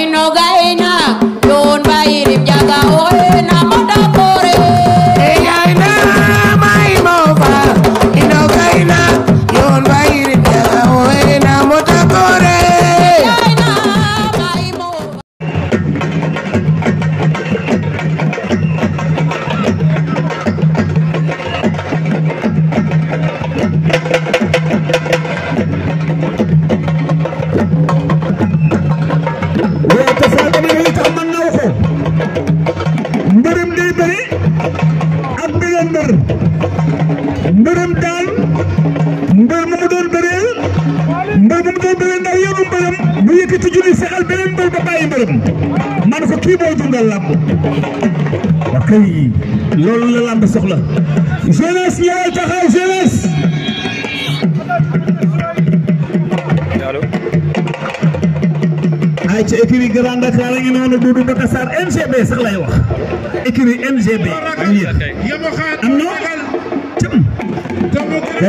inoga ina yon ba irip jaga oy na mboobu mu doon ndaw yóbbu mbërëm mu yëkkati junni fexeel beneen mbër ba bàyyi mbërëm man ko kii boo dundal làmb wa kay loolu la làmb soxla jeunesse ñëwal taxaw jeunesse ay ca écurie Grand Dakar a ngi noonu Doudou Baka Sarr MGB sax lay wax écurie MGB am na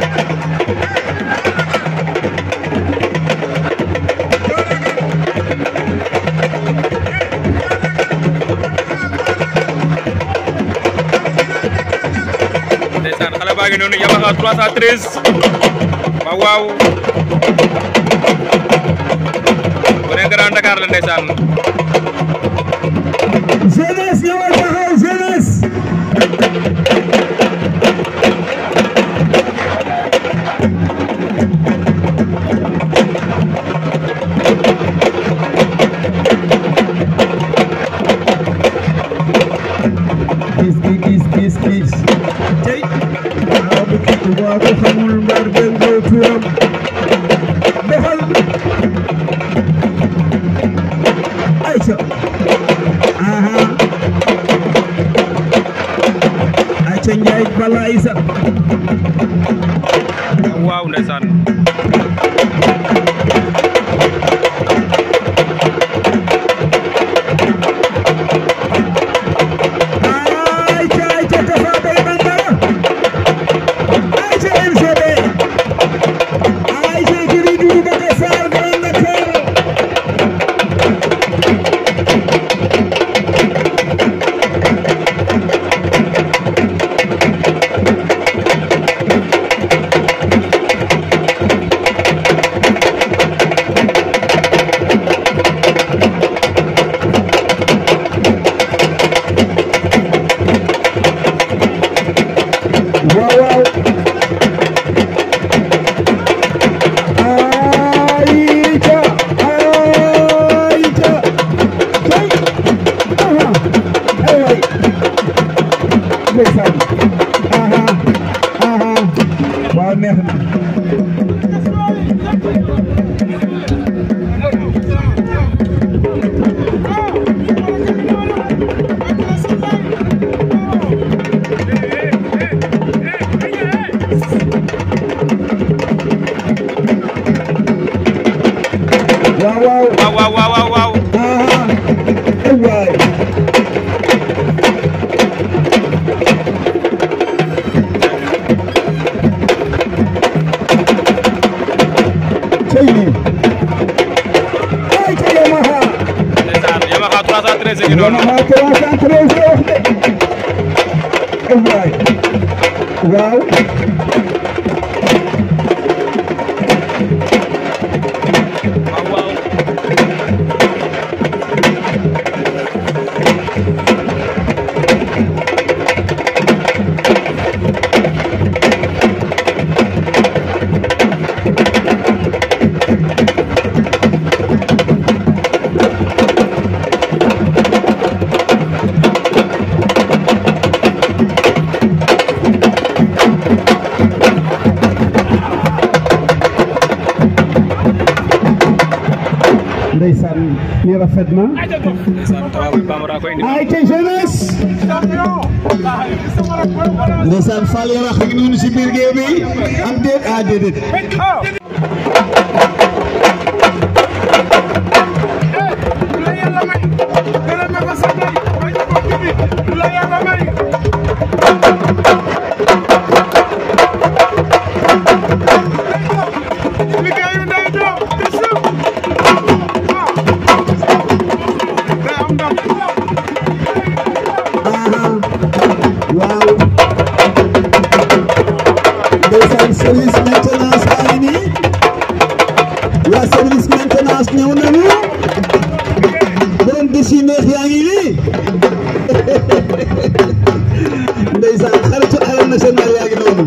ngi noonu Yamaha 313 waaw waaw bu ne Grand Dakar la ndeysaan Ndiaye Balla Aïssa waaw ndeysaan ndeysaan 313 ngi noonu ma 313 waaw ndeysaan ni rafet na ay te jeunesse ndeysaan Fall Yarax ngi noonu ci biir géew bi am déet ah déedéet maintenance ñëw nañu borom bis yi neex yaa ngi nii ndeysaan xaritu Arène Nationale yaa ngi noonu